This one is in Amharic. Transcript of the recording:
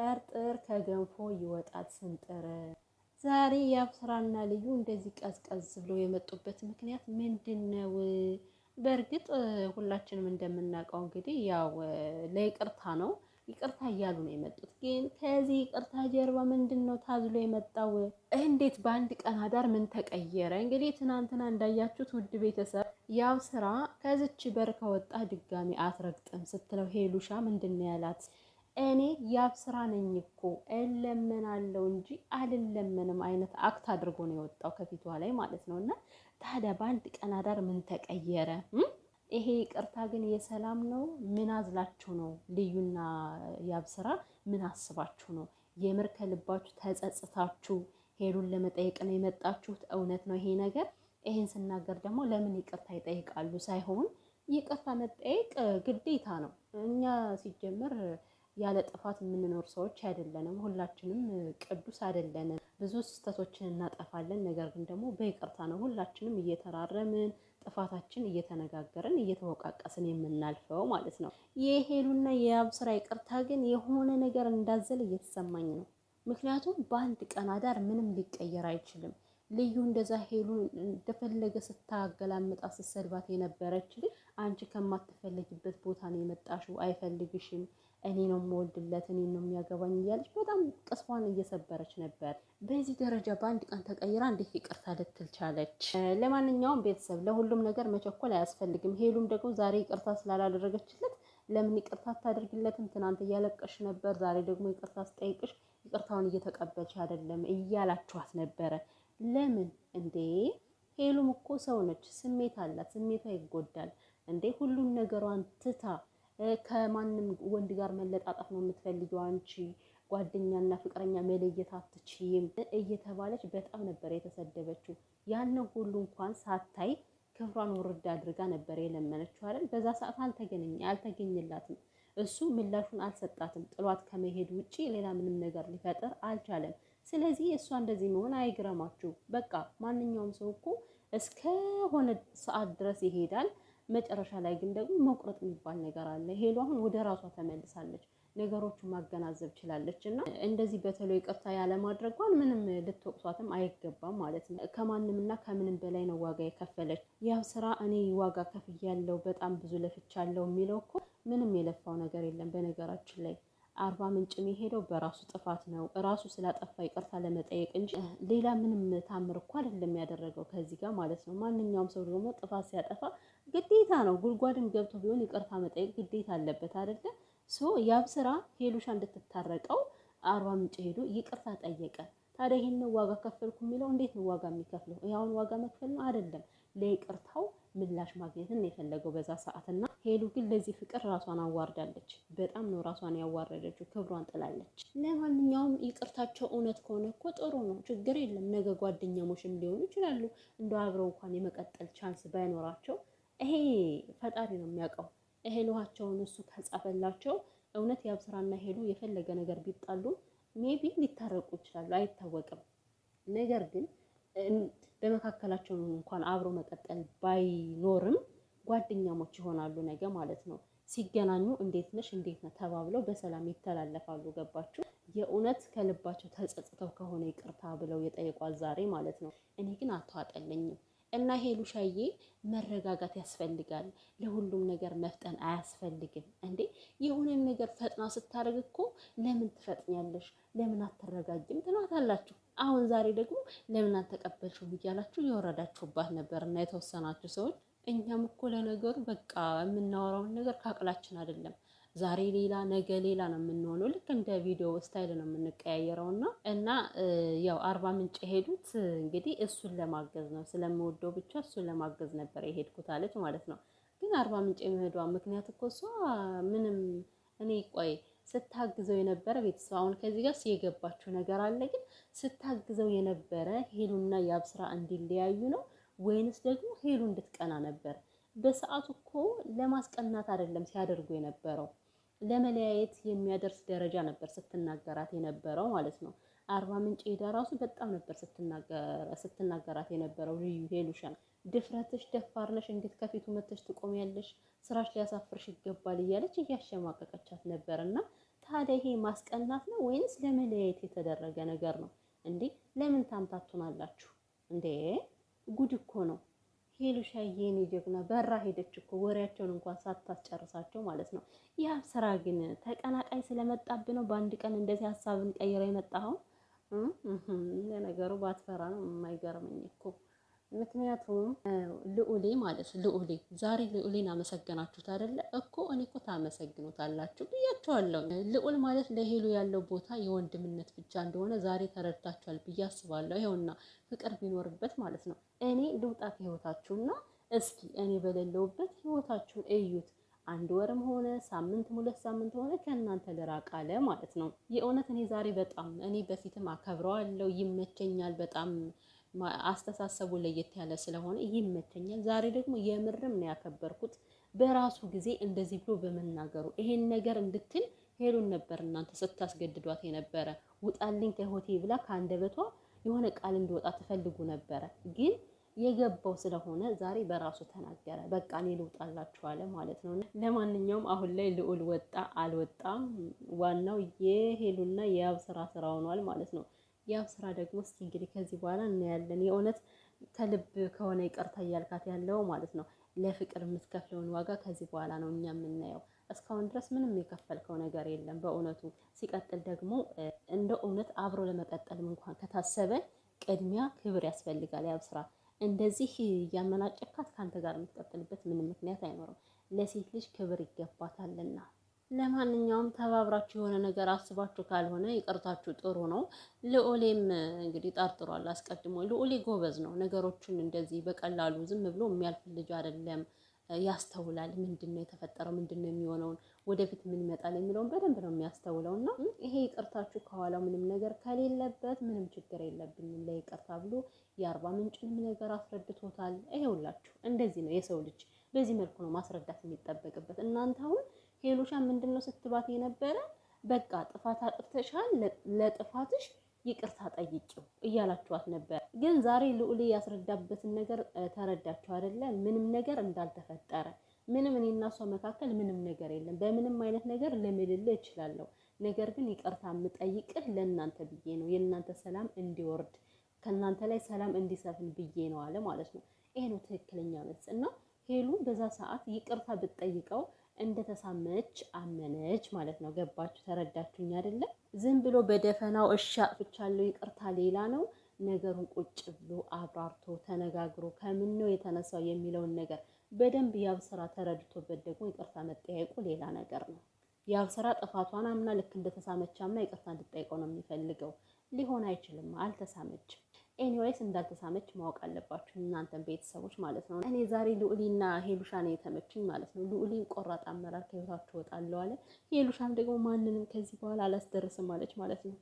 ጠርጥር ከገንፎ ይወጣት ስንጥር። ዛሬ የአብስራና ልዩ እንደዚህ ቀዝቀዝ ብሎ የመጡበት ምክንያት ምንድን ነው? በእርግጥ ሁላችንም እንደምናውቀው እንግዲህ ያው ለይቅርታ ነው፣ ይቅርታ እያሉ ነው የመጡት። ግን ከዚህ ይቅርታ ጀርባ ምንድን ነው ታዝሎ የመጣው? እንዴት በአንድ ቀን አዳር ምን ተቀየረ? እንግዲህ ትናንትና እንዳያችሁት ውድ ቤተሰብ ያው ስራ ከዚች በር ከወጣ ድጋሚ አትረግጥም ስትለው ሄሉሻ ምንድን ነው ያላት? እኔ ያብ ስራ ነኝ እኮ እለመናለው እንጂ አልለመንም አይነት አክት አድርጎ ነው የወጣው ከፊቷ ላይ ማለት ነው። እና ታዲያ በአንድ ቀን አዳር ምን ተቀየረ? ይሄ ይቅርታ ግን የሰላም ነው? ምን አዝላችሁ ነው? ልዩና ያብ ስራ ምን አስባችሁ ነው? የምር ከልባችሁ ተጸጽታችሁ ሄሉን ለመጠየቅ ነው የመጣችሁት? እውነት ነው ይሄ ነገር። ይሄን ስናገር ደግሞ ለምን ይቅርታ ይጠይቃሉ ሳይሆን ይቅርታ መጠየቅ ግዴታ ነው። እኛ ሲጀምር ያለ ጥፋት የምንኖር ሰዎች አይደለንም። ሁላችንም ቅዱስ አይደለንም። ብዙ ስህተቶችን እናጠፋለን። ነገር ግን ደግሞ በይቅርታ ነው ሁላችንም እየተራረምን ጥፋታችን እየተነጋገርን እየተወቃቀስን የምናልፈው ማለት ነው። የሄሉና የአብስራ ይቅርታ ግን የሆነ ነገር እንዳዘለ እየተሰማኝ ነው። ምክንያቱም በአንድ ቀን አዳር ምንም ሊቀየር አይችልም። ልዩ እንደዛ ሄሉ እንደፈለገ ስታገላምጣ ስትሰድባት የነበረች ልጅ አንቺ ከማትፈለጊበት ቦታ ነው የመጣሽው አይፈልግሽም እኔ ነው የምወድለት እኔ ነው የሚያገባኝ እያለች በጣም ቅስሟን እየሰበረች ነበር። በዚህ ደረጃ በአንድ ቀን ተቀይራ እንዴት ይቅርታ ልትል ቻለች? ለማንኛውም ቤተሰብ ለሁሉም ነገር መቸኮል አያስፈልግም። ሄሉም ደግሞ ዛሬ ይቅርታ ስላላደረገችለት ለምን ይቅርታ አታደርግለትም? ትናንት እያለቀሽ ነበር፣ ዛሬ ደግሞ ይቅርታ ስጠይቅሽ ይቅርታውን እየተቀበልሽ አይደለም እያላችኋት ነበረ። ለምን እንዴ? ሄሉም እኮ ሰው ነች፣ ስሜት አላት፣ ስሜቷ ይጎዳል እንዴ? ሁሉን ነገሯን ትታ ከማንም ወንድ ጋር መለጣጠፍ ነው የምትፈልጊው አንቺ ጓደኛና ፍቅረኛ መለየት አትችይም እየተባለች በጣም ነበር የተሰደበችው። ያን ሁሉ እንኳን ሳታይ ክብሯን ውርድ አድርጋ ነበር የለመነችው አይደል? በዛ ሰዓት አልተገኘ አልተገኝላትም እሱ ምላሹን አልሰጣትም። ጥሏት ከመሄድ ውጪ ሌላ ምንም ነገር ሊፈጥር አልቻለም። ስለዚህ እሷ እንደዚህ መሆን አይግረማችሁ። በቃ ማንኛውም ሰው እኮ እስከሆነ ሰዓት ድረስ ይሄዳል። መጨረሻ ላይ ግን ደግሞ መቁረጥ የሚባል ነገር አለ። ሄሉ አሁን ወደ ራሷ ተመልሳለች፣ ነገሮቹ ማገናዘብ ችላለች። እና እንደዚህ በተለይ ይቅርታ ያለማድረጓን ምንም ልትወቅሷትም አይገባም ማለት ነው። ከማንም እና ከምንም በላይ ነው ዋጋ የከፈለች። ያው ስራ እኔ ዋጋ ከፍያለው፣ በጣም ብዙ ለፍቻለው የሚለው እኮ ምንም የለፋው ነገር የለም በነገራችን ላይ አርባ ምንጭ የሄደው በራሱ ጥፋት ነው። ራሱ ስላጠፋ ይቅርታ ለመጠየቅ እንጂ ሌላ ምንም ታምር እኮ አይደለም ያደረገው ከዚህ ጋር ማለት ነው። ማንኛውም ሰው ደግሞ ጥፋት ሲያጠፋ ግዴታ ነው፣ ጉድጓድም ገብቶ ቢሆን ይቅርታ መጠየቅ ግዴታ አለበት አይደለ? ሶ ያብ ስራ ሄሉሻ እንድትታረቀው አርባ ምንጭ ሄዶ ይቅርታ ጠየቀ። ታዲያ ይህን ዋጋ ከፈልኩ የሚለው እንዴት ነው ዋጋ የሚከፍለው? ያውን ዋጋ መክፈል ነው አይደለም። ለይቅርታው ምላሽ ማግኘትን ነው የፈለገው በዛ ሰዓት እና ሄሉ ግን ለዚህ ፍቅር ራሷን አዋርዳለች። በጣም ነው ራሷን ያዋረደችው፣ ክብሯን ጥላለች። ለማንኛውም ይቅርታቸው እውነት ከሆነ እኮ ጥሩ ነው፣ ችግር የለም። ነገ ጓደኛሞችም ሊሆኑ ይችላሉ። እንደ አብረው እንኳን የመቀጠል ቻንስ ባይኖራቸው ይሄ ፈጣሪ ነው የሚያውቀው። ይሄ ውሃቸውን እሱ ከጻፈላቸው እውነት ያብስራና ሄሉ የፈለገ ነገር ቢጣሉም። ሜቢ ሊታረቁ ይችላሉ፣ አይታወቅም። ነገር ግን በመካከላቸው እንኳን አብሮ መቀጠል ባይኖርም ጓደኛሞች ይሆናሉ ነገ ማለት ነው። ሲገናኙ እንዴት ነሽ፣ እንዴት ነው ተባብለው በሰላም ይተላለፋሉ። ገባችሁ? የእውነት ከልባቸው ተጸጽተው ከሆነ ይቅርታ ብለው የጠየቋት ዛሬ ማለት ነው። እኔ ግን አቶ እና ሄሉሻዬ መረጋጋት ያስፈልጋል። ለሁሉም ነገር መፍጠን አያስፈልግም እንዴ! የሆነን ነገር ፈጥና ስታደርግ እኮ ለምን ትፈጥኛለሽ? ለምን አትረጋጅም? ትናታላችሁ? አሁን ዛሬ ደግሞ ለምን አልተቀበልሽም እያላችሁ የወረዳችሁባት ነበር እና የተወሰናችሁ ሰዎች እኛም እኮ ለነገሩ በቃ የምናወራውን ነገር ካቅላችን አይደለም ዛሬ ሌላ ነገ ሌላ ነው የምንሆነው። ልክ እንደ ቪዲዮ ስታይል ነው የምንቀያየረው እና እና ያው አርባ ምንጭ የሄዱት እንግዲህ እሱን ለማገዝ ነው። ስለምወደው ብቻ እሱን ለማገዝ ነበር የሄድኩት አለች ማለት ነው። ግን አርባ ምንጭ የመሄዷ ምክንያት እኮ እሷ ምንም እኔ ቆይ ስታግዘው የነበረ ቤተሰብ አሁን ከዚህ ጋር የገባችው ነገር አለ። ግን ስታግዘው የነበረ ሄሉና የአብስራ እንዲለያዩ ነው ወይንስ ደግሞ ሄሉ እንድትቀና ነበር? በሰዓቱ እኮ ለማስቀናት አይደለም ሲያደርጉ የነበረው ለመለያየት የሚያደርስ ደረጃ ነበር ስትናገራት የነበረው ማለት ነው። አርባ ምንጭ ሄዳ ራሱ በጣም ነበር ስትናገራት የነበረው ልዩ ሄሉሻን፣ ድፍረትሽ ደፋርነሽ እንዴት ከፊቱ መተሽ ትቆሚያለሽ? ስራሽ ሊያሳፍርሽ ይገባል እያለች እያሸማቀቀቻት ነበር። እና ታዲያ ይሄ ማስቀናት ነው ወይንስ ለመለያየት የተደረገ ነገር ነው? እንዴ ለምን ታምታቱናላችሁ እንዴ? ጉድ እኮ ነው። ሄሉሻዬ የኔ ጀግና በራ ሄደች እኮ ወሬያቸውን እንኳን ሳታስጨርሳቸው ማለት ነው። ያ ስራ ግን ተቀናቃኝ ስለመጣብ ነው። በአንድ ቀን እንደዚህ ሀሳብን ቀይረ የመጣኸው ለነገሩ ባትፈራ ነው የማይገርመኝ እኮ ምክንያቱም ልዑሌ ማለት ልዑሌ ዛሬ ልዑሌን አመሰገናችሁት አደለ እኮ እኔ እኮ ታመሰግኑታላችሁ ብያቸዋለሁ። ልዑል ማለት ለሄሉ ያለው ቦታ የወንድምነት ብቻ እንደሆነ ዛሬ ተረድታችኋል ብዬ አስባለሁ። ይኸውና ፍቅር ቢኖርበት ማለት ነው። እኔ ልውጣት ህይወታችሁና እስኪ እኔ በሌለውበት ህይወታችሁን እዩት። አንድ ወርም ሆነ ሳምንት ሁለት ሳምንት ሆነ ከእናንተ ልራቅ አለ ማለት ነው። የእውነት እኔ ዛሬ በጣም እኔ በፊትም አከብረዋለሁ፣ ይመቸኛል በጣም አስተሳሰቡ ለየት ያለ ስለሆነ ይመቸኛል። ዛሬ ደግሞ የምርም ነው ያከበርኩት በራሱ ጊዜ እንደዚህ ብሎ በመናገሩ ይሄን ነገር እንድትል ሄሉን ነበር እናንተ ስታስገድዷት የነበረ ውጣልኝ ከሆቴ ብላ ከአንደበቷ የሆነ ቃል እንዲወጣ ትፈልጉ ነበረ ግን የገባው ስለሆነ ዛሬ በራሱ ተናገረ። በቃ እኔ ልውጣላችኋለሁ ማለት ነው። ለማንኛውም አሁን ላይ ልዑል ወጣ አልወጣም ዋናው የሄሉና የያብ ስራ ስራ ሆኗል ማለት ነው። ያው ስራ ደግሞ እስኪ እንግዲህ ከዚህ በኋላ እናያለን። የእውነት ከልብ ከሆነ ይቅርታ እያልካት ያለው ማለት ነው። ለፍቅር የምትከፍለውን ዋጋ ከዚህ በኋላ ነው እኛ የምናየው። እስካሁን ድረስ ምንም የከፈልከው ነገር የለም በእውነቱ። ሲቀጥል ደግሞ እንደ እውነት አብሮ ለመቀጠልም እንኳን ከታሰበ ቅድሚያ ክብር ያስፈልጋል። ያው ስራ እንደዚህ እያመናጨካት ከአንተ ጋር የምትቀጥልበት ምንም ምክንያት አይኖርም። ለሴት ልጅ ክብር ይገባታልና ለማንኛውም ተባብራችሁ የሆነ ነገር አስባችሁ ካልሆነ ይቅርታችሁ ጥሩ ነው። ልዑሌም እንግዲህ ጠርጥሯል አስቀድሞ። ልዑሌ ጎበዝ ነው፣ ነገሮችን እንደዚህ በቀላሉ ዝም ብሎ የሚያልፍ ልጅ አይደለም። ያስተውላል። ምንድን ነው የተፈጠረው? ምንድን ነው የሚሆነውን? ወደፊት ምን ይመጣል የሚለውን በደንብ ነው የሚያስተውለው። እና ይሄ ይቅርታችሁ ከኋላው ምንም ነገር ከሌለበት ምንም ችግር የለብኝም ለይቅርታ ብሎ የአርባ ምንጭንም ነገር አስረድቶታል። ይሄውላችሁ እንደዚህ ነው የሰው ልጅ፣ በዚህ መልኩ ነው ማስረዳት የሚጠበቅበት። እናንተ አሁን ሄሉሻ ምንድን ነው ስትባት የነበረ በቃ ጥፋት አጥፍተሻል፣ ለጥፋትሽ ይቅርታ ጠይቂው እያላችኋት ነበር። ግን ዛሬ ልዑል ያስረዳበትን ነገር ተረዳችሁ አይደለ? ምንም ነገር እንዳልተፈጠረ ምንም እኔ እና እሷ መካከል ምንም ነገር የለም። በምንም አይነት ነገር ልምልልህ እችላለሁ። ነገር ግን ይቅርታ የምጠይቅህ ለእናንተ ብዬ ነው፣ የእናንተ ሰላም እንዲወርድ ከእናንተ ላይ ሰላም እንዲሰፍን ብዬ ነው አለ ማለት ነው። ይሄ ነው ትክክለኛ መልስ እና ሄሉ በዛ ሰዓት ይቅርታ ብትጠይቀው እንደተሳመች አመነች ማለት ነው። ገባችሁ? ተረዳችሁኝ አይደለ? ዝም ብሎ በደፈናው እሺ አጥፍቻለሁ፣ ይቅርታ ሌላ ነው። ነገሩን ቁጭ ብሎ አብራርቶ ተነጋግሮ ከምን ነው የተነሳው የሚለውን ነገር በደንብ ያብስራ ተረድቶበት ደግሞ ይቅርታ መጠያየቁ ሌላ ነገር ነው። ያብስራ ጥፋቷን አምና ልክ እንደተሳመች አምና ይቅርታ እንድጠይቀው ነው የሚፈልገው። ሊሆን አይችልም፣ አልተሳመችም። ኤኒዌይስ እንዳልተሳመች ማወቅ አለባችሁ እናንተን ቤተሰቦች ማለት ነው። እኔ ዛሬ ልዑሊና ሄሉሻ ነው የተመችኝ ማለት ነው። ልዑሊ ቆራጥ አመራር ከህይወታችሁ እወጣለሁ አለ። ሄሉሻም ደግሞ ማንንም ከዚህ በኋላ አላስደርስም አለች ማለት ነው።